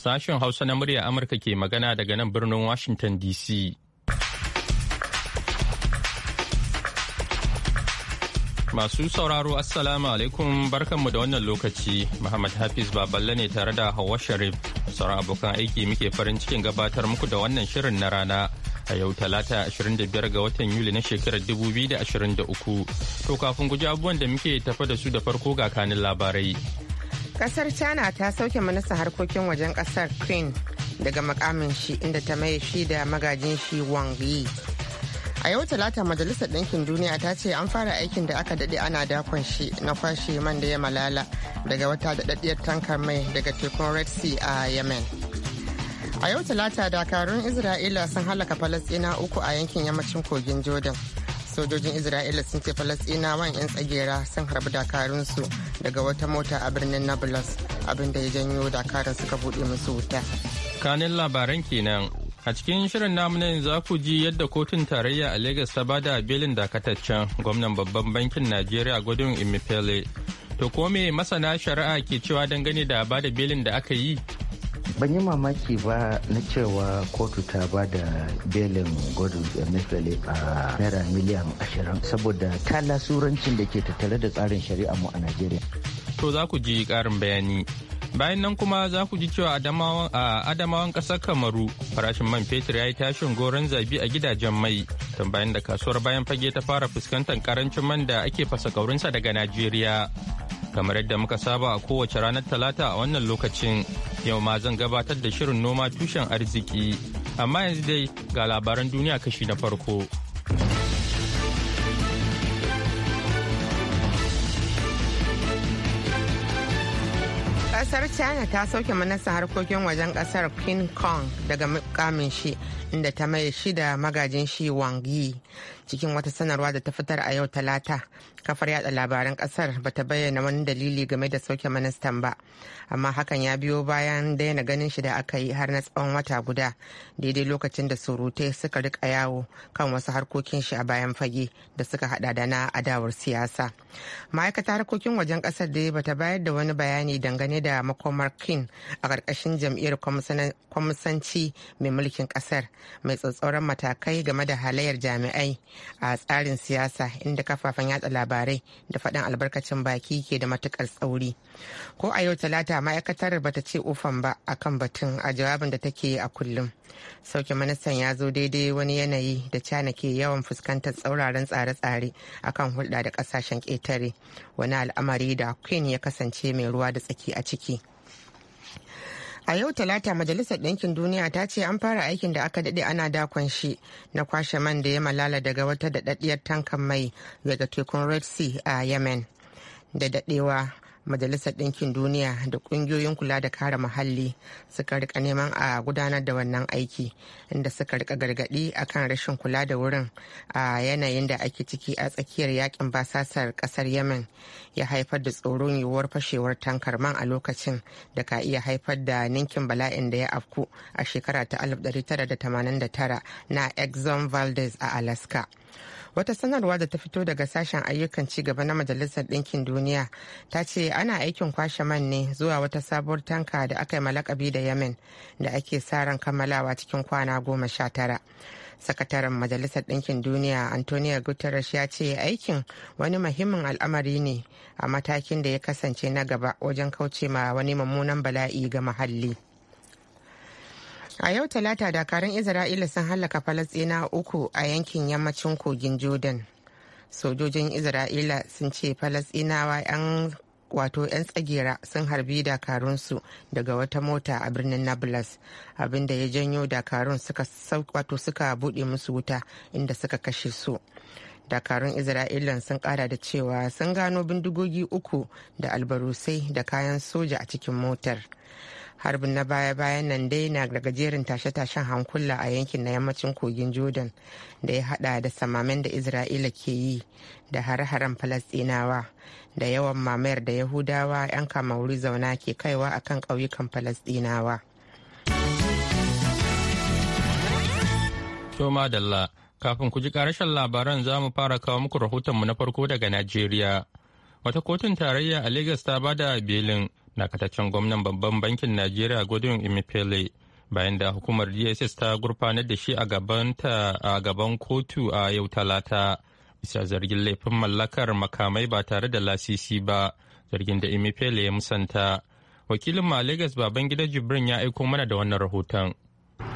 Sashen Hausa na murya Amurka ke magana daga nan birnin Washington DC. Masu sauraro Assalamu alaikum barkanmu da wannan lokaci Muhammad Hafiz Baballe ne tare da hawa Sharif sauran abokan aiki muke farin cikin gabatar muku da wannan shirin na rana a yau talata 25 ga watan Yuli na shekarar 2023 to kafin guji abubuwan da muke tafa da su da farko ga kanin labarai kasar china ta sauke manasa harkokin wajen kasar queen daga makamin shi inda ta maye shi da magajin shi wang yi a yau talata majalisar ɗinkin duniya ta ce an fara aikin da aka daɗe ana dakon shi na kwashe man da ya malala daga wata daɗaɗɗiyar tankar mai daga tekun red sea a yemen a yau talata dakarun isra'ila sun halaka falasɗina uku a yankin yammacin kogin jordan sojojin isra'ila sun ce falasɗinawan 'yan tsagera sun harbi dakarunsu daga wata mota a birnin nablus abinda ya janyo dakarun suka buɗe musu wuta kanin labaran kenan a cikin shirin namuna za ku ji yadda kotun tarayya a lagos ta bada belin dakataccen gwamnan babban bankin najeriya gudun imifele to ko masana shari'a ke cewa dangane da bada belin da aka yi ban yi mamaki ba na cewa kotu ta ba da belin da emefiele a naira miliyan ashirin saboda talasurancin da ke tattare da tsarin shari'a mu a najeriya to za ku ji karin bayani bayan nan kuma za ku ji cewa a adamawan ƙasar kamaru farashin man fetur ya yi tashin goron zabi a gidajen mai tun bayan da kasuwar bayan fage ta fara fuskantar karancin man da ake fasa kaurinsa daga najeriya Kamar yadda muka saba a kowace ranar Talata a wannan lokacin yau ma zan gabatar da shirin noma tushen arziki. Amma yanzu dai ga labaran duniya kashi na farko. kasar china ta sauke manasa harkokin wajen kasar king kong daga mukamin shi inda ta mai shi da magajin shi wang yi cikin wata sanarwa da ta fitar a yau talata kafar yada labaran kasar bata bayyana wani dalili game da sauke ministan ba amma hakan ya biyo bayan daina ganin shi da aka yi har na tsawon wata guda daidai lokacin da surutai suka rika yawo kan wasu harkokin shi a bayan fage da suka hada da na adawar siyasa ma'aikata harkokin wajen kasar da bata bayar da wani bayani dangane da makomar kin a karkashin jam'iyyar kwamsanci mai mulkin kasar mai tsatsauran matakai game da halayyar jami'ai a tsarin siyasa inda kafafen yatsa labarai da faɗin albarkacin baki ke da matukar tsauri ko a yau talata ma'aikatar bata ce ufan ba a kan batun a jawabin da take a kullum sauke ministan ya zo daidai wani yanayi da cana ke yawan fuskantar tsauraran tsare-tsare akan hulɗa da ƙasashen ƙetare wani al'amari da queen ya kasance mai ruwa da tsaki a ciki A yau Talata Majalisar Ɗinkin Duniya ta ce an fara aikin da aka daɗe ana dakon shi na kwashe man da ya malala daga wata daɗaɗɗiyar tankan mai daga tekun Red Sea a Yemen. Da daɗewa majalisar ɗinkin duniya da ƙungiyoyin kula da kare muhalli suka rika neman a gudanar da wannan aiki inda suka rika gargaɗi akan rashin kula da wurin a yanayin da ake ciki a tsakiyar yakin basasar ƙasar yemen ya haifar da tsoron yiwuwar fashewar tankar man a lokacin da ka iya haifar da ninkin bala'in da ya afku a shekara ta 1989 na exxon valdez a alaska wata sanarwa da ta fito daga sashen ayyukan ci gaba na majalisar ɗinkin duniya ta ce ana aikin kwashe man ne zuwa wata sabuwar tanka da aka yi malakabi da yemen da ake sa ran kammalawa cikin kwana goma sha tara sakataren majalisar ɗinkin duniya antonio guterres ya ce aikin wani muhimmin al'amari ne a matakin da ya kasance na gaba wajen kauce ma wani mummunan bala'i ga muhalli. A yau talata dakarun Isra'ila sun hallaka falastina uku a yankin yammacin kogin Jordan. Sojojin Isra'ila sun ce falastinawa 'yan wato 'yan tsagera sun harbi dakarunsu daga wata mota a birnin nablus abinda ya janyo dakarun suka wato suka buɗe musu wuta inda suka kashe su dakarun isra'ilan sun kara da cewa sun gano bindigogi uku da albarusai da kayan soja a cikin motar harbin na baya-bayan nan dai na daga jerin tashe-tashen hankula a yankin na yammacin kogin jordan da ya hada da samamen da isra'ila ke yi da hare-haren falastinawa da yawan mamayar da yahudawa 'yan kamauri zauna ke kaiwa akan ƙauyukan falastinawa kafin ku ji karashen labaran za mu fara kawo muku rahotonmu na farko daga najeriya wata kotun tarayya a Legas ta bada belin dakataccen gwamnan babban bankin najeriya godwin emefiele bayan da hukumar dss ta gurfanar da shi a gaban kotu a yau talata bisa zargin laifin mallakar makamai ba tare da lasisi ba zargin da emefiele ya musanta wakilin ma lagos baban gida jibrin ya aiko mana da wannan rahoton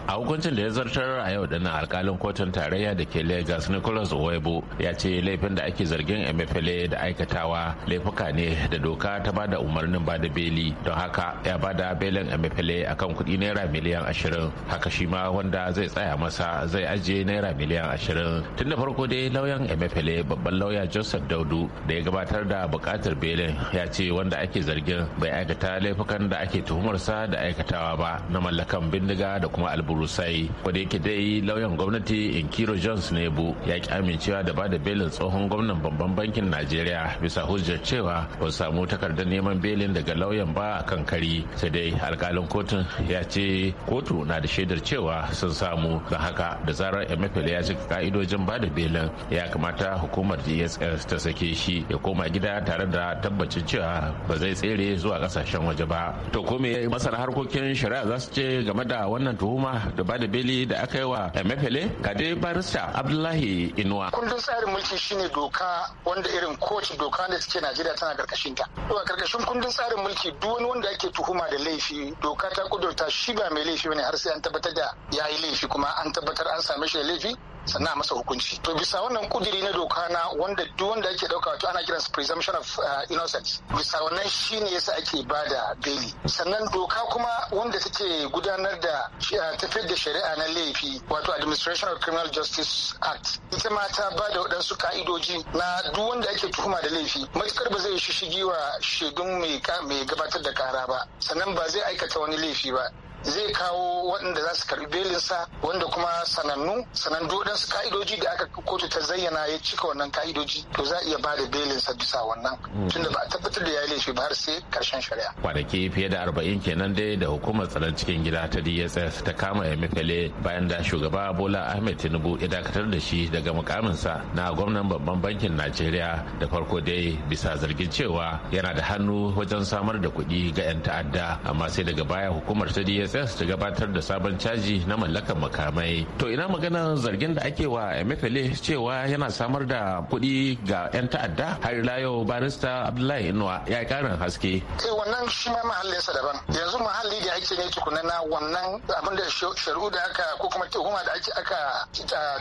a hukuncin da ya zartar a yau dana alkalin kotun tarayya da ke lagos nicholas owebo ya ce laifin da ake zargin emefele da aikatawa laifuka ne da doka ta bada umarnin bada beli don haka ya bada belin emefele akan kudi naira miliyan ashirin haka shi ma wanda zai tsaya masa zai ajiye naira miliyan ashirin tun da farko dai lauyan emefele babban lauya joseph daudu da ya gabatar da bukatar belin ya ce wanda ake zargin bai aikata laifukan da ake tuhumarsa da aikatawa ba na mallakan bindiga da kuma albu burusai kwada yake dai lauyan gwamnati inkiro jones nebu ya ki amincewa da bada belin tsohon gwamnan babban bankin najeriya bisa hujjar cewa ba samu takardar neman belin daga lauyan ba a kan kari sai dai alkalin kotun ya ce kotu na da shaidar cewa sun samu don haka da zarar emefele ya cika ka'idojin bada belin ya kamata hukumar dss ta sake shi ya koma gida tare da tabbacin cewa ba zai tsere zuwa kasashen waje ba to ko me masana harkokin shari'a za su ce game da wannan tuhuma shari'a da bada beli da aka yi wa mefele kade barista abdullahi inuwa kundin tsarin mulki shine doka wanda irin kowace doka da suke najeriya tana karkashin ta to a karkashin kundin tsarin mulki duk wani wanda ake tuhuma da laifi doka ta kudurta shi ba mai laifi bane har sai an tabbatar da ya yi laifi kuma an tabbatar an same shi da laifi sannan a masa hukunci to bisa wannan kudiri na doka na wanda duk wanda ake dauka to ana kiransa presumption of uh, innocence bisa wannan shine yasa ake bada beli sannan doka kuma wanda take gudanar da uh, tafiyar da shari'a na laifi wato administration of criminal justice act ita ma ta ba da waɗansu ka'idoji na duk wanda ake tuhuma da laifi matukar ba zai shishigi wa shaidun mai gabatar da kara ba sannan ba zai aikata wani laifi ba zai kawo waɗanda za su karbi belinsa wanda kuma sanannu sanandu su ka'idoji da aka kotu ta zayyana ya cika wannan ka'idoji to za a iya ba da belinsa bisa wannan hmm. tunda ba a tabbatar da ya laifi ba har sai karshen shari'a. Kwanaki fiye da arba'in kenan dai da hukumar tsaron cikin gida ta DSS ta kama Emefiele bayan da shugaba Bola Ahmed Tinubu ya dakatar da shi daga mukaminsa na gwamnan babban bankin Najeriya da farko dai bisa zargin cewa yana da hannu wajen samar da kuɗi ga 'yan ta'adda amma sai daga baya hukumar ta DSS dss ta gabatar da sabon caji na mallakar makamai to ina magana zargin da ake wa emefele cewa yana samar da kuɗi ga 'yan ta'adda har ila yau barista abdullahi inuwa ya yi haske eh wannan shi ma sa daban yanzu mahalli da ake ne tukuna na wannan abin da shari'u da aka ko kuma tuhuma da ake aka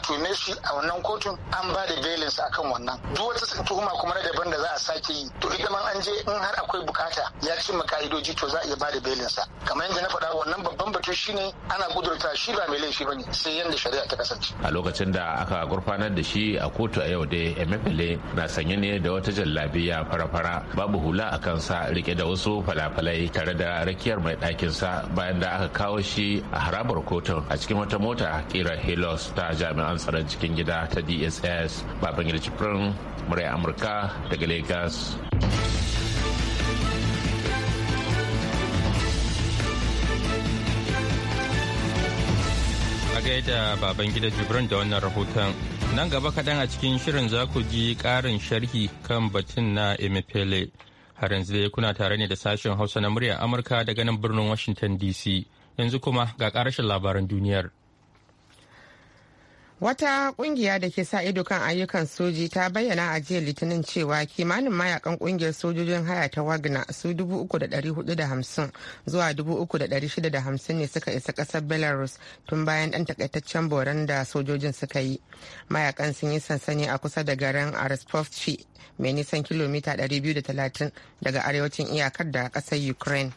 tune shi a wannan kotun an ba da belinsa akan wannan duk wata tuhuma kuma na daban da za a sake yi to ita an je in har akwai bukata ya cimma ka'idoji to za a iya ba da sa kamar yadda na faɗa wannan babban batu ne ana gudurta shi ba mai laifi ne sai yadda shari'a ta kasance a lokacin da aka gurfanar da shi a kotu a yau dai emefele na sanye ne da wata jallabiya fara-fara babu hula a kansa rike da wasu falafalai tare da rakiyar mai ɗakinsa bayan da aka kawo shi a harabar kotun a cikin wata mota kira helos ta jami'an tsaron cikin gida ta dss babangida cifrin murai amurka daga lagos da baban gida Jibrin da wannan rahoton. Nan gaba kaɗan a cikin shirin za ku ji ƙarin sharhi kan batun na emepele Har yanzu dai kuna tare ne da sashen Hausa na muryar Amurka daga nan birnin Washington DC. Yanzu kuma ga ƙarashin labaran duniyar. Wata kungiya da ke sa ido kan ayyukan soji ta bayyana a jiya litinin cewa kimanin mayakan kungiyar sojojin haya ta wagna su 3,450 zuwa 3,650 ne suka isa kasar Belarus tun bayan ɗan takaitaccen boran da sojojin suka yi. Mayakan sun yi sansani a kusa da garin Arispovci mai nisan kilomita 230 daga arewacin iyakar da kasar Ukraine.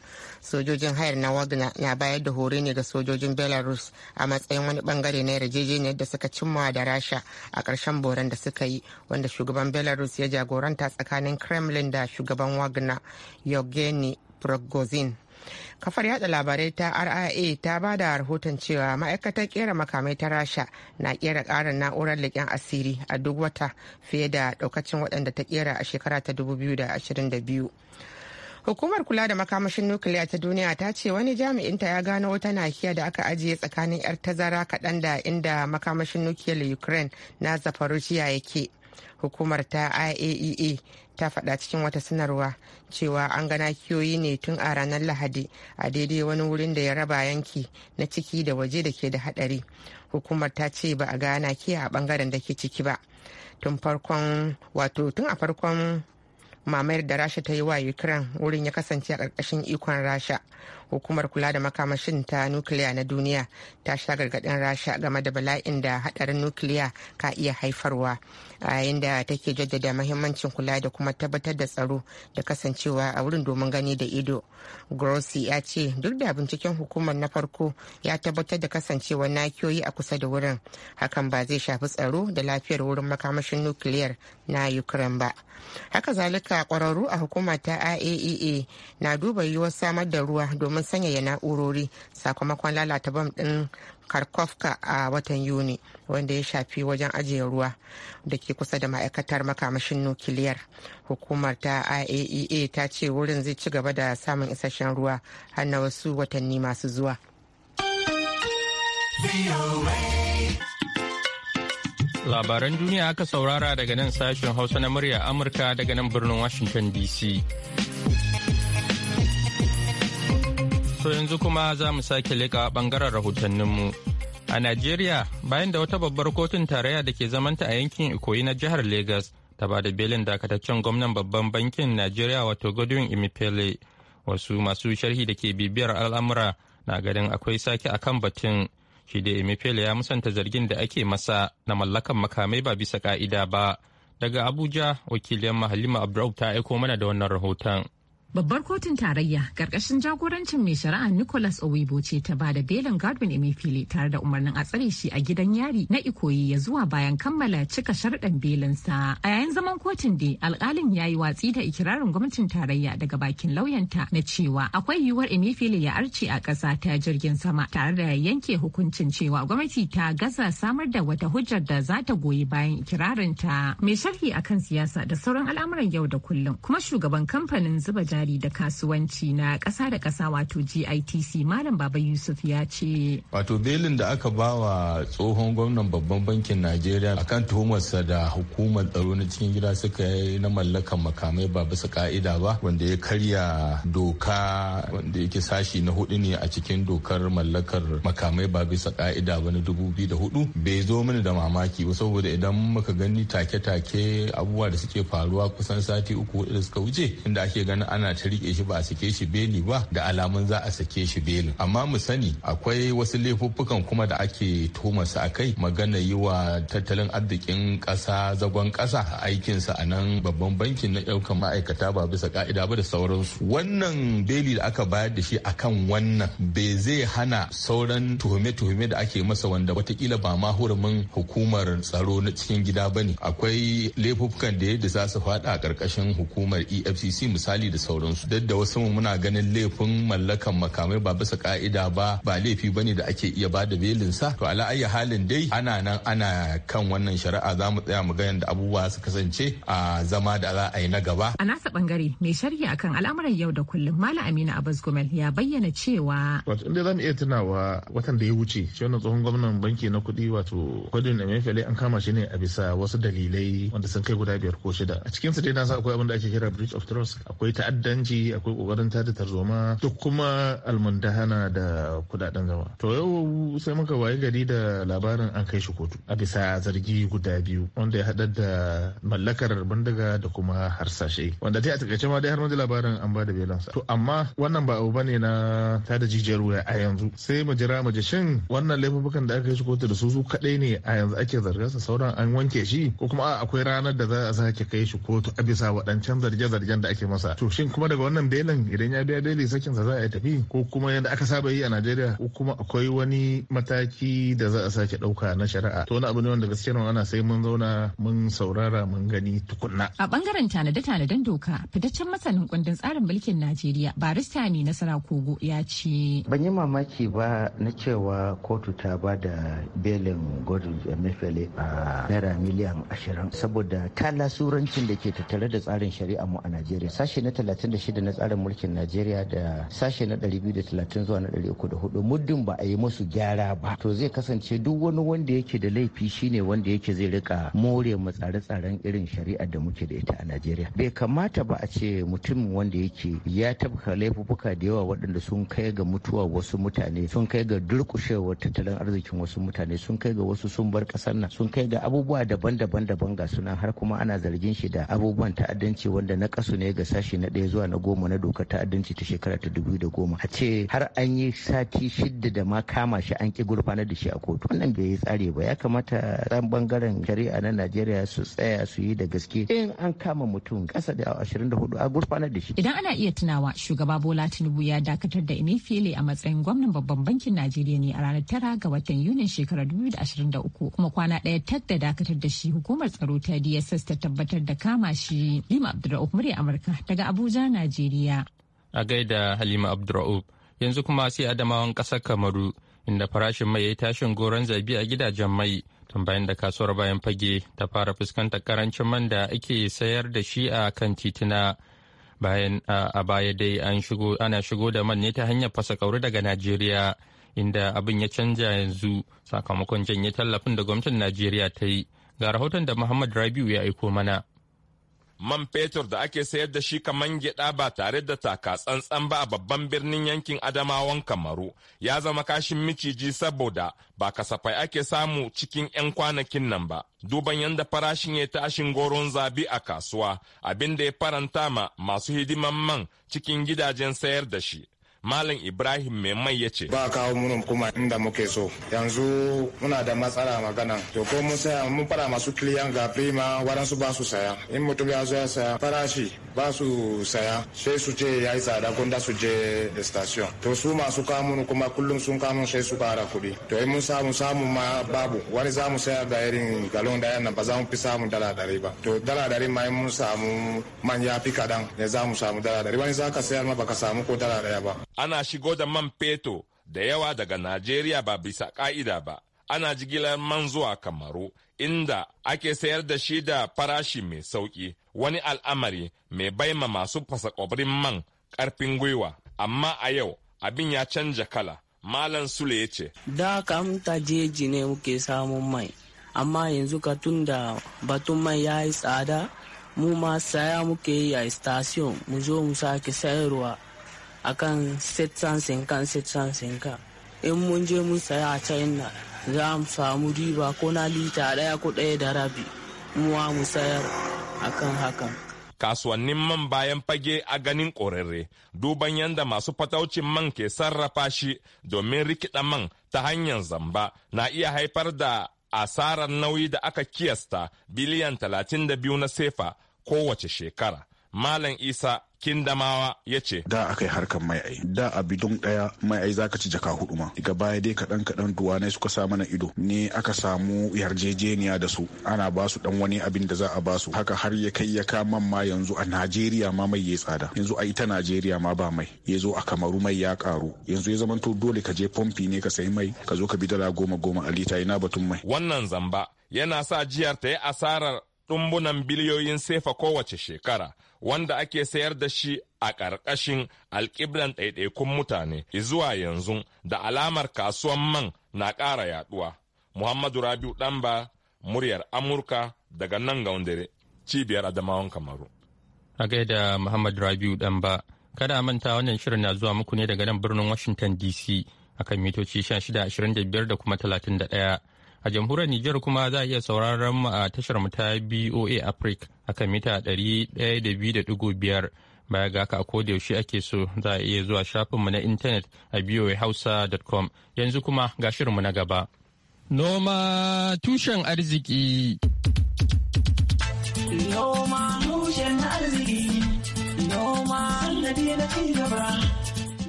sojojin hayar na wagner na bayar da hore ne ga sojojin belarus a matsayin wani bangare na yarjejeniyar da suka cimma da rasha a ƙarshen boran da suka yi wanda shugaban belarus ya jagoranta tsakanin kremlin da shugaban wagner yevgeny prigozhin kafar yada labarai ta ria ta ba da rahoton cewa ma'aikatar kera makamai ta rasha na kera karin na'urar leƙen asiri a duk wata fiye da daukacin waɗanda ta kera a shekara ta 2022 Hukumar kula da makamashin nukiliya ta duniya ta ce wani jami'inta ya gano wata nakiya da aka ajiye tsakanin 'yar tazara kaɗan da inda makamashin nukiliyar Ukraine na Zaporozhia yake. Hukumar ta IAEA e ta faɗa cikin wata sanarwa cewa an gana kiyoyi ne tun a ranar Lahadi a daidai wani wurin da ya raba yanki na ciki da waje da ke da haɗari. Hukumar ta ce ba a gana kiya a bangaren da ke ciki ba. Tun farkon wato tun a farkon mamayar da rasha ta yi wa ukraine wurin ya kasance a ƙarƙashin ikon rasha hukumar kula da makamashin ta nukiliya na duniya ta sha gargaɗin rasha game da bala'in da haɗarin nukiliya ka iya haifarwa a yayin da take jaddada mahimmancin kula da kuma tabbatar da tsaro da kasancewa a wurin domin gani da ido grossi ya ce duk da binciken hukumar na farko ya tabbatar da kasancewar nakiyoyi a kusa da wurin hakan ba zai shafi tsaro da lafiyar wurin makamashin nukiliyar na ukraine ba haka zalika haka kwararru a hukumar ta iaea e na duba yiwuwar samar da ruwa domin sanyaya na'urori sakamakon lalata bam din kharkovka a watan yuni wanda ya shafi wajen ajiye ruwa da ke kusa da ma'aikatar makamashin nukiliyar hukumar ta iaea e ta ce wurin zai ci gaba da samun isasshen ruwa har na wasu watanni masu zuwa. Labaran duniya aka saurara daga nan sashen Hausa na murya Amurka daga nan birnin Washington DC. So yanzu kuma za mu sake leƙa ɓangaren rahotanninmu. A Najeriya, bayan da wata babbar kotun tarayya da ke zamanta a yankin Ikoyi na jihar Legas, ta ba da belin dakataccen gwamnan babban bankin Najeriya wato Godwin imipele wasu masu sharhi da ke bibiyar al'amura na ganin akwai sake akan batun. shi da emefiele ya musanta zargin da ake masa na mallakan makamai ba bisa ka'ida ba daga abuja wakilin mahalima abdurrahman ta aiko mana da wannan rahoton Babbar kotun tarayya karkashin jagorancin mai shari'a Nicholas Owibo ce ta bada belin Godwin Emefiele tare da umarnin a tsare shi a gidan yari na Ikoyi ya zuwa bayan kammala cika sharɗan belinsa. A yayin zaman kotun dai alƙalin ya yi watsi da ikirarin gwamnatin tarayya daga bakin lauyanta na cewa akwai yiwuwar Emefiele ya arce a ƙasa ta jirgin sama tare da yanke hukuncin cewa gwamnati ta gaza samar da wata hujjar da za ta goyi bayan ikirarinta. Mai sharhi akan siyasa da sauran al'amuran yau da kullum kuma shugaban kamfanin zuba jari da kasuwanci na ƙasa da kasa wato GITC Malam Baba Yusuf ya ce. Wato belin da aka ba wa tsohon gwamnan babban bankin Najeriya akan tuhumarsa da hukumar tsaro na cikin gida suka yi na mallakan makamai ba bisa ka'ida ba wanda ya karya doka wanda yake sashi na hudu ne a cikin dokar mallakar makamai ba bisa ka'ida ba na dubu da hudu bai zo mini da mamaki ba saboda idan muka gani take-take abubuwa da suke faruwa kusan sati uku da suka wuce inda ake ganin ana ana ta rike shi ba a sake shi beli ba da alamun za a sake shi belin amma mu sani akwai wasu laifuffukan kuma da ake su a kai magana yi wa tattalin arzikin ƙasa zagon ƙasa aikinsa a nan babban bankin na ɗaukan ma'aikata ba bisa ka'ida ba da sauransu wannan beli da aka bayar da shi akan wannan bai zai hana sauran tuhume-tuhume da ake masa wanda watakila ba ma hurumin hukumar tsaro na cikin gida ba ne akwai laifuffukan da yadda za su faɗa a ƙarƙashin hukumar efcc misali da sauran sauransu duk da wasu muna ganin laifin mallakan makamai ba bisa ka'ida ba ba laifi bane da ake iya ba da belin sa to ala ayyi halin dai ana nan ana kan wannan shari'a za mu tsaya mu ga yadda abubuwa su kasance a zama da za a yi na gaba a nasa bangare mai sharhi akan al'amuran yau da kullum malam amina abbas gomel ya bayyana cewa wato inda mu iya tunawa watan da ya wuce shi wannan tsohon gwamnan banki na kuɗi wato kwadin emefiele an kama shi ne a bisa wasu dalilai wanda sun kai guda biyar ko shida a cikinsu dai na sa akwai abin da ake kira bridge of trust akwai ta'adda Danji akwai kokarin tada tarzoma da kuma almundahana da kudaden zama to yau sai muka wayi gari da labarin an kai shi kotu a bisa zargi guda biyu wanda ya hadar da mallakar bindiga da kuma harsashe wanda dai a takaice ma dai har da labarin an ba da belansa to amma wannan ba abu bane na tada jijiyar wuya a yanzu sai mu jira mu ji shin wannan laifukan da aka kai shi kotu da su su kadai ne a yanzu ake zargin sa sauran an wanke shi ko kuma akwai ranar da za a sake kai shi kotu a bisa waɗancan zarge-zargen da ake masa to shin kuma daga wannan belin idan ya biya belin sakin sa za a tafi ko kuma yadda aka saba yi a Najeriya ko kuma akwai wani mataki da za a sake dauka na shari'a to wani abu ne wanda gaskiya ana sai mun zauna mun saurara mun gani tukunna a bangaren tanade-tanaden doka fitaccen masanin kundin tsarin mulkin Najeriya barista ne nasara kogo ya ce ban yi mamaki ba na cewa kotu ta ba da belin godin emefiele a naira miliyan ashirin saboda ta lasurancin da ke tattare da tsarin shari'a mu a Najeriya sashe na talatin 36 na tsarin mulkin Najeriya da sashe na 230 zuwa na 304 muddin ba a yi musu gyara ba to zai kasance duk wani wanda yake da laifi shine wanda yake zai rika more mu tsare-tsaren irin shari'ar da muke da ita a Najeriya bai kamata ba a ce mutum wanda yake ya tabka laifuka da yawa waɗanda sun kai ga mutuwa wasu mutane sun kai ga durƙushewar tattalin arzikin wasu mutane sun kai ga wasu sun bar ƙasar nan sun kai ga abubuwa daban-daban daban ga sunan har kuma ana zargin shi da abubuwan ta'addanci wanda na kasu ne ga sashi na ɗaya zuwa na goma na dokar ta'addanci ta shekara ta dubu da goma a ce har an yi sati shidda da ma kama shi an ki gurfanar da shi a kotu wannan bai yi tsari ba ya kamata ran bangaren shari'a na najeriya su tsaya su yi da gaske in an kama mutum kasa da ashirin da hudu a gurfanar da shi idan ana iya tunawa shugaba bola tinubu ya dakatar da emefiele a matsayin gwamnan babban bankin najeriya ne a ranar tara ga watan yunin shekara dubu da ashirin da uku kuma kwana ɗaya tak da dakatar da shi hukumar tsaro ta dss ta tabbatar da kama shi lima abdulrahman murya amurka daga abuja Najeriya. A gaida Halima Abdur'ub, yanzu kuma sai Adamawan ƙasar Kamaru, inda farashin mai ya yi tashin goron zabi a gidajen mai, tun bayan da kasuwar bayan fage ta fara fuskantar karancin man da ake sayar da shi a kan titina. Bayan a baya dai ana shigo da man ne ta hanyar fasa kauri daga Najeriya, inda abin ya canja yanzu sakamakon janye tallafin da gwamnatin Najeriya ta yi. Ga rahoton da Muhammad Rabiu ya aiko mana. man fetur da ake sayar da shi kaman gyaɗa ba tare da taka tsantsan ba a babban birnin yankin adamawan kamaru ya zama kashin miciji saboda ba kasafai ake samu cikin 'yan kwanakin nan ba duban yadda farashin ya tashin goron zabi a kasuwa abin da ya faranta ma masu hidiman man cikin gidajen sayar da shi Malam Ibrahim Maimai ya ce. Ba kawo mun kuma inda muke so. Yanzu muna da matsala magana. To ko mun saya mun fara masu kiliyan ga prima waɗansu ba su saya. In mutum ya zo ya saya farashi ba su saya. Sai su ce ya yi tsada da su je station. To su masu kamun kuma kullum sun kamun sai su kara kuɗi. To in mun samu samu ma babu. Wani za mu saya ga irin galon da yana ba za mu fi samun dala ɗari ba. To dala ɗari ma in mun samu ya fi kaɗan ne za mu samu dala ɗari. Wani za ka sayar ma baka samu ko dala ɗaya ba. ana shigo da man fetur da yawa daga Najeriya ba bisa ka'ida ba. Ana jigilar man zuwa Kamaru, inda ake sayar da shi da farashi mai sauƙi, wani al'amari mai baima masu fasakwabrin man ƙarfin gwiwa. Amma a yau, abin ya canja kala. Malam Sule ya ce. Da kam ta jeji ne muke samun mai, amma yanzu ka tun da batun mai ya yi tsada, mu ma saya muke yi a station mu zo mu sake sayarwa akan 750-750 in mun je mun saya a china za mu samu riba ko na lita daya ko daya da rabi muwa mu sayar akan hakan kasuwannin man bayan fage a ganin ƙorarre duban yadda masu fataucin man ke sarrafa shi domin rikida man ta hanyar zamba na iya haifar da asarar nauyi da aka kiyasta biliyan 32 na sefa kowace shekara. Malam Isa Kindamawa ya ce. Da aka yi harkar mai ai. Da a bidon ɗaya mai ai zaka ci jaka hudu ma. Daga baya dai kaɗan kaɗan duwanai suka sa mana ido. Ne aka samu yarjejeniya da su. Ana ba su ɗan wani abin da za a ba su. Haka har ya kai ya kama ma yanzu a Najeriya ma mai ya tsada. Yanzu a ita Najeriya ma ba mai. Ya zo a Kamaru mai ya ƙaru. Yanzu ya zamanto dole ka je pompi ne ka sayi mai. Ka zo ka bi dala goma goma a lita ina batun mai. Wannan zamba yana sa jiyar ta yi asarar ɗumbunan biliyoyin sefa kowace shekara. wanda ake sayar da shi a ƙarƙashin alƙiblan ɗaiɗaikun mutane zuwa yanzu da alamar kasuwan man na ƙara yaɗuwa. Muhammadu Rabiu Ɗanba, muryar Amurka daga nan ga wandere, cibiyar Adamawan Kamaru. A gaida Muhammadu Rabiu Ɗanba, kada manta wannan shirin na zuwa muku ne daga nan birnin Washington DC akan mitoci 1625 da kuma 31. A jamhuriyar Nijar kuma za a iya sauraron mu a tashar mu ta BOA Africa akan mita 102.5 baya ga haka a da yaushe ake so za a iya zuwa shafin mu na intanet a boahausa.com yanzu kuma ga shirinmu na gaba. Noma tushen arziki.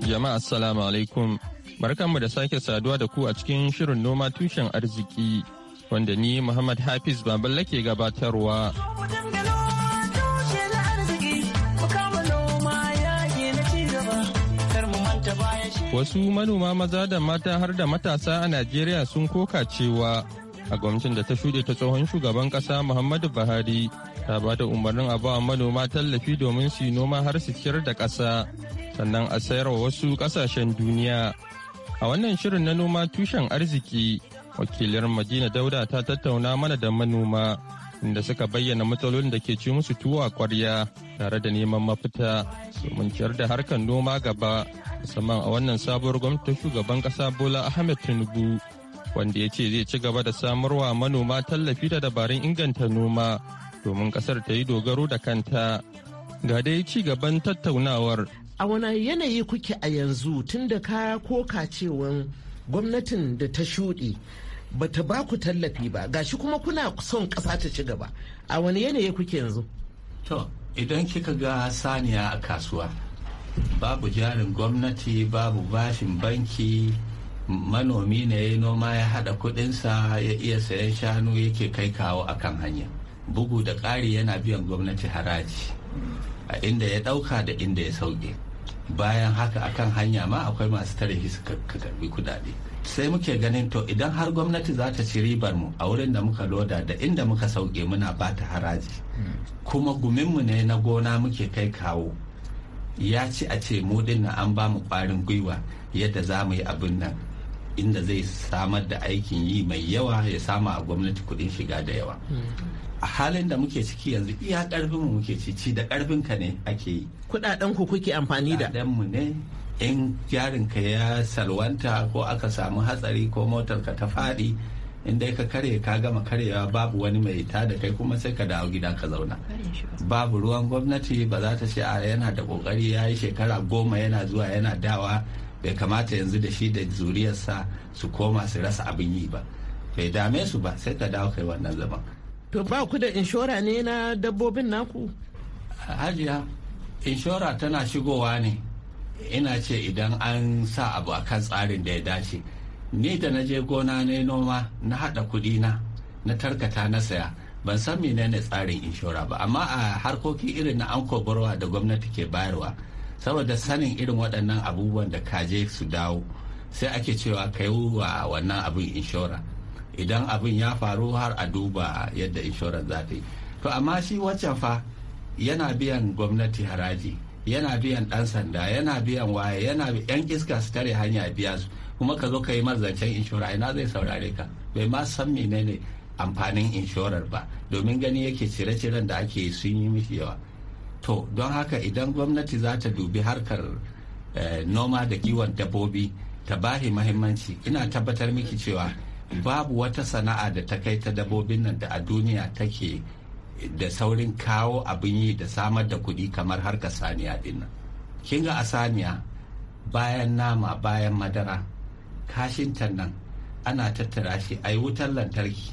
Jama'a assalamu alaikum. Barkanmu da sake saduwa da ku a cikin shirin noma tushen arziki wanda ni Muhammad Hafiz Baballa ke gabatarwa. Wasu manoma maza da mata har da matasa a Najeriya sun koka cewa a gwamnatin da ta shuɗe ta tsohon shugaban ƙasa Muhammadu Buhari ta ba da umarnin a ba manoma tallafi domin su yi noma har su ciyar da ƙasa sannan a sayar wa wasu ƙasashen duniya. A wannan shirin na noma tushen arziki, wakilin Madina Dauda ta tattauna mana da manoma inda suka bayyana matsalolin da ke ci musu tuwa kwarya tare da neman mafita su mun ciyar da harkar noma gaba musamman a wannan sabuwar gwamnatin shugaban kasa Bola Ahmed Tinubu wanda ya ce zai ci gaba da samarwa manoma tallafi da dabarun inganta noma domin kasar ta yi dogaro da kanta. Ga dai ci gaban tattaunawar a wani yanayi kuke a yanzu tun da ka koka cewan gwamnatin da ta shuɗe ta ba ku tallafi ba ga shi kuma kuna son ƙasa ta ci gaba a wani yanayi kuke yanzu to idan kika ga saniya a kasuwa babu jarin gwamnati babu bashin banki manomi ne ya noma ya haɗa kuɗinsa ya iya sayan shanu yake kai kawo a kan hanya bugu da ƙari yana biyan gwamnati haraji a inda ya ɗauka da inda ya sauke bayan haka akan hanya ma akwai masu tare ka karbi kudade sai muke ganin to idan har gwamnati za ta ci ribar mu a wurin da muka loda da inda muka sauke muna ba ta haraji kuma guminmu ne na gona muke kai kawo ya ci a ce mu na an ba mu kwarin gwiwa yadda za mu yi abin nan inda zai samar da aikin yi mai yawa ya sama a gwamnati kudin shiga da yawa a halin da muke ciki yanzu iya karfin mu muke cici da karfin ka ne ake yi kudaden ku kuke amfani da kudaden mu ne in jarin ka ya salwanta ko aka samu hatsari ko motar ka ta fadi in dai ka kare ka gama karewa babu wani mai ta da kai kuma sai ka dawo gida ka zauna babu ruwan gwamnati ba za ta ce a yana da kokari ya yi shekara goma yana zuwa yana dawa bai kamata yanzu da shi da zuriyarsa su koma su rasa abin yi ba bai dame su ba sai ka dawo kai wannan zaman to ba ku da inshora ne na dabbobin naku hajiya inshora tana shigowa ne ina ce idan an sa abu a kan tsarin da ya dace ni da na je gona ne noma na haɗa kuɗi na na tarkata na saya ban san menene tsarin inshora ba amma a harkoki irin na an kobarwa da gwamnati ke bayarwa saboda sanin irin waɗannan abubuwan da kaje su dawo sai ake cewa kai yi wa wannan abin inshora idan abin ya faru har a duba yadda inshorar za ta yi to amma shi waccan fa yana biyan gwamnati haraji yana biyan dan sanda yana biyan waye yana yan iska su tare hanya biya su kuma ka zo ka yi zancen inshora ina zai saurare ka bai ma san menene amfanin inshorar ba domin gani yake cire-ciren da ake sun yi mishi yawa to don haka idan gwamnati za ta dubi harkar eh, noma da kiwon dabbobi ta bahi mahimmanci ina tabbatar miki cewa babu wata sana'a da ta kai ta dabobin nan da a duniya take da saurin kawo abin yi da samar da kuɗi kamar harkar saniya din nan kin ga a saniya bayan nama bayan madara kashin nan ana tattara shi a yi wutar lantarki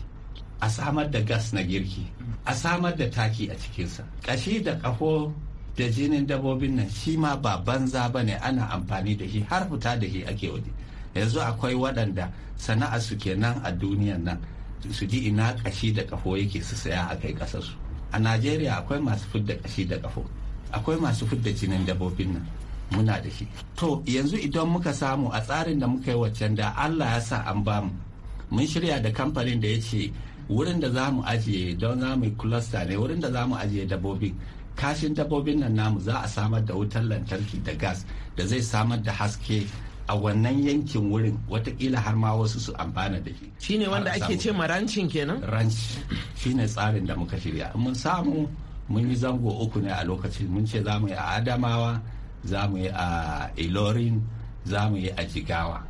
a samar da gas na girki a samar da taki a cikinsa ƙashi da ƙaho da jinin dabobin nan shi ma ba banza ba ne ana amfani da shi har fita da shi ake waje yanzu akwai waɗanda sana'a su kenan a duniyan nan su ji ina kashi da kafo yake su saya a kai ƙasarsu a najeriya akwai masu fidda kashi da kafo akwai masu fidda jinin dabbobin nan muna da shi to yanzu idan muka samu a tsarin da muka yi waccan da allah ya sa an bamu mun shirya da kamfanin da ya ce wurin da za ajiye don za mu cluster ne wurin da za ajiye dabobin kashin dabobin nan namu za a samar da wutar lantarki da gas da zai samar da haske a wannan yankin wurin watakila har ma wasu su amfana da shi shine wanda ake ce ma rancin kenan ranci shine tsarin da muka shirya mun samu mun yi zango uku ne a lokacin mun ce za mu yi a adamawa za mu yi a ilorin za mu yi a jigawa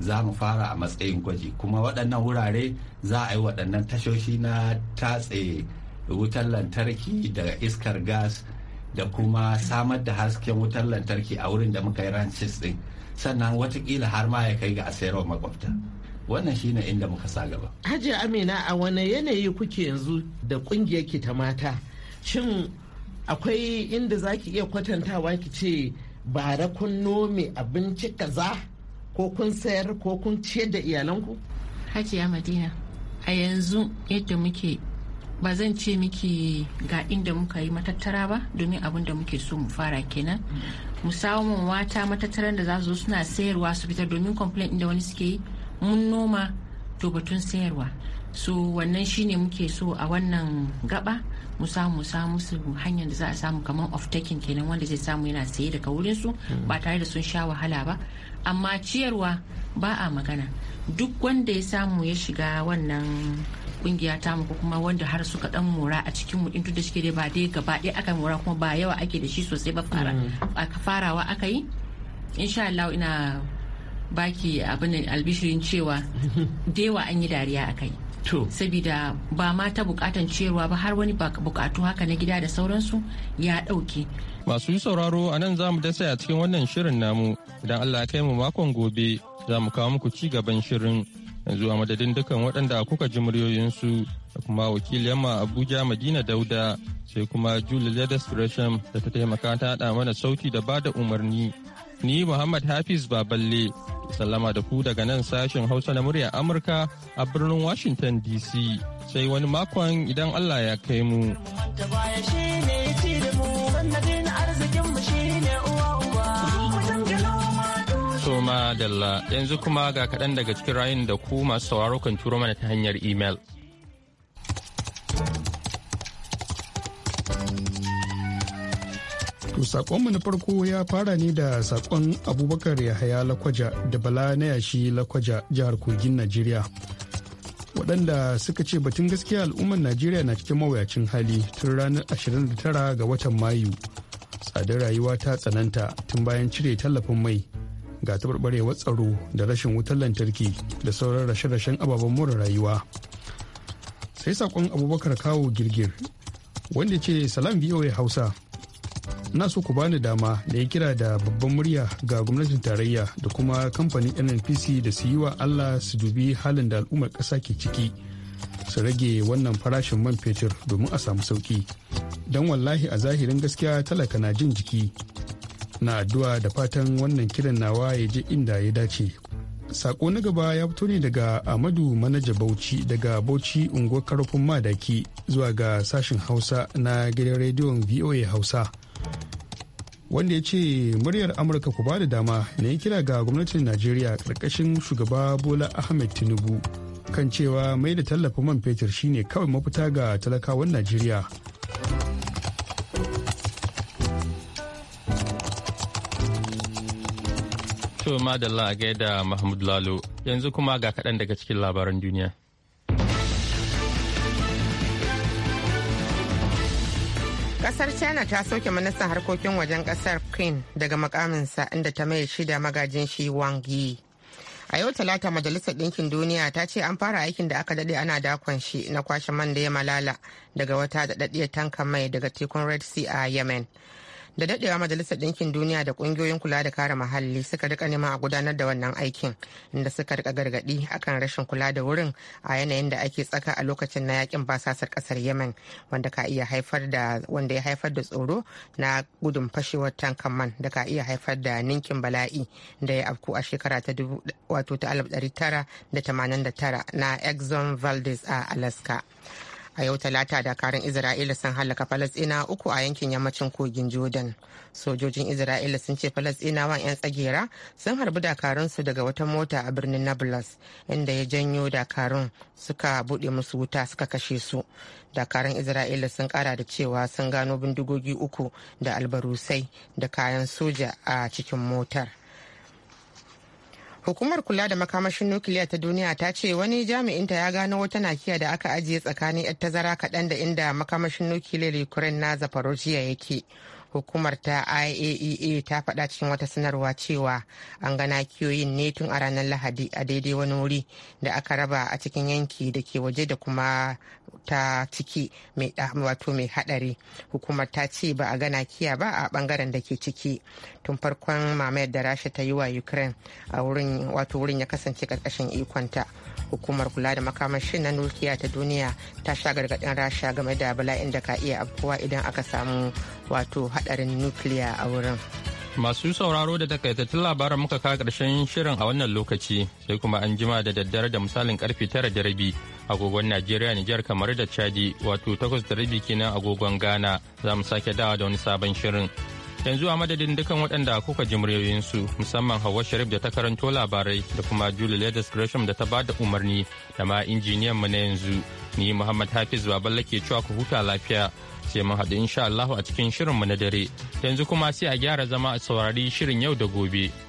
za mu fara a matsayin gwaji kuma waɗannan wurare za a yi waɗannan tashoshi na tatse wutar lantarki da iskar gas da kuma samar da hasken wutar lantarki a wurin da muka yi ranches ɗin sannan watakila har ma ya kai ga a sayarwa makwabta wannan shine inda muka sa gaba hajji amina a wani yanayi kuke yanzu da kungiyar ki ta mata shin akwai inda za ki iya kwatantawa ki ce bara kun nome abinci kaza ko kun sayar ko kun ciyar da iyalanku hajji amadina a yanzu yadda muke ba zan ce miki ga inda muka yi matattara ba domin abin da muke so mu fara kenan mu samu mata matattaran da za su suna sayarwa su fita domin complaint inda wani suke yi mun noma to batun sayarwa so wannan shine muke so a wannan gaba mu samu samu su hanyar da za a samu kamar off taking kenan wanda zai samu yana saye daga wurin su ba tare da sun sha wahala ba amma ciyarwa ba a magana duk wanda ya samu ya shiga wannan kungiya ta mu kuma wanda har suka dan mora a cikin mu din da shike dai ba dai gaba dai aka mora kuma ba yawa ake da shi sosai ba fara mm. aka farawa aka yi insha Allah ina baki abin albishirin cewa dewa an yi dariya akai sabida ba ma ta bukatan ciyarwa ba har wani bukatu haka na gida da sauransu ya dauke masu yi sauraro a nan za mu dasa a cikin wannan shirin namu idan allah kai mu makon gobe za mu kawo muku ci gaban shirin yanzu a madadin dukkan waɗanda kuka ji muryoyinsu da kuma wakil yamma abuja madina dauda sai kuma julie ledes gresham da ta taimaka ta haɗa mana sauti da ba da umarni ni muhammad hafiz baballe sallama da ku daga nan sashen hausa na murya amurka a birnin washington dc sai wani makon idan allah ya kai mu. Dalla yanzu kuma ga kaɗan daga cikin rayun da ku masu sauraro kan turo mana ta hanyar imel. To saƙonmu na farko ya fara ne da sakon Abubakar Yahaya Lakwaja da Bala na yashi Lakwaja jihar Kogin Najeriya. Waɗanda suka ce batun gaskiya al'ummar Najeriya na cikin mawuyacin hali tun ranar 29 ga watan Mayu. Tsadar rayuwa ta tsananta tun bayan cire tallafin mai ga taɓarɓarewar tsaro da rashin wutar lantarki da sauran rashe-rashen ababen mura rayuwa sai saƙon abubakar kawo girgir wanda ce salam voa hausa na so ku bani dama da ya kira da babban murya ga gwamnatin tarayya da kuma kamfanin nnpc da su yi wa allah su dubi halin da al'ummar ƙasa ke ciki su rage wannan farashin man fetur domin a samu sauki don wallahi a zahirin gaskiya talaka na jin jiki na addu'a da fatan wannan kiran nawa ya je inda ya dace sako na gaba ya fito ne daga amadu manaja bauchi daga bauchi unguwar karfin madaki zuwa ga sashen hausa na gidan rediyon voa hausa wanda ya ce muryar amurka ku ba da dama na yi kira ga gwamnatin najeriya karkashin shugaba bola ahmed tinubu kan cewa mai da tallafa man fetur shine kawai mafita ga talakawan najeriya To madalla a gaida Mahmud Lalo yanzu kuma ga kaɗan daga cikin labaran duniya. Kasar China ta soke ministan harkokin wajen kasar Queen daga makaminsa inda ta mai shida magajin shi Wang Yi. A yau talata majalisar ɗinkin duniya ta ce an fara aikin da aka daɗe ana dakon shi na kwashe man da ya malala daga wata daɗaɗɗiyar tankan mai daga tekun Red Sea a Yemen. da daɗewa majalisar ɗinkin duniya da ƙungiyoyin kula da kare muhalli suka rika neman a gudanar da wannan aikin inda suka rika gargaɗi akan rashin kula da wurin a yanayin da ake tsaka a lokacin na yakin basasar ƙasar yemen wanda ka iya haifar da wanda ya haifar da tsoro na gudun fashewar tankan man da ka iya haifar da ninkin bala'i da ya afku a shekara ta wato ta 1989 na exxon valdez a alaska a yau talata dakarun isra'ila sun hallaka falasina uku a yankin yammacin kogin jordan sojojin isra'ila sun ce falasinawan 'yan tsagera sun harbi dakarunsu daga wata mota a birnin nablus inda ya janyo dakarun suka buɗe musu wuta suka kashe su dakarun isra'ila sun kara da cewa sun gano bindigogi uku da albarusai da kayan soja a cikin motar Hukumar kula da makamashin nukiliya ta duniya ta ce wani jami'inta ya gano wata nakiya da aka ajiye tsakanin 'yar tazara kaɗan da inda makamashin nukiliyar Ukraine na Zaporozhye yake. hukumar ta iaea e ta faɗa cikin wata sanarwa cewa an gana kiyoyin ne tun a ranar lahadi a daidai wani wuri da aka raba a cikin yanki da ke waje da kuma ta ciki mai wato mai hadari hukumar ta ce ba a gana kiya ba a bangaren da ke ciki tun farkon mamayar da rasha ta yi wa ukraine a wurin wato wurin ya kasance karkashin ikonta hukumar kula da makamashin na nukiliya ta duniya ta sha gargadin rasha game da bala'in da ka iya afkuwa idan aka samu wato hadarin nukiliya a wurin. Masu sauraro da takaitattun labaran muka kawo ƙarshen shirin a wannan lokaci sai kuma an jima da daddare da misalin karfe tara da rabi agogon Najeriya Nijar kamar da Chadi wato takwas da rabi kenan agogon Ghana za mu sake dawa da wani sabon shirin. Yanzu a madadin dukan waɗanda kuka ji muryoyinsu musamman Hauwa Sharif da ta karanto labarai da kuma Julie Ledes Gresham da ta ba da umarni da ma injiniyan mu na yanzu ni Muhammad Hafiz baballa ke cewa ku huta lafiya. sai mun haɗu insha Allah a cikin shirinmu na dare yanzu kuma sai a gyara zama a saurari shirin yau da gobe.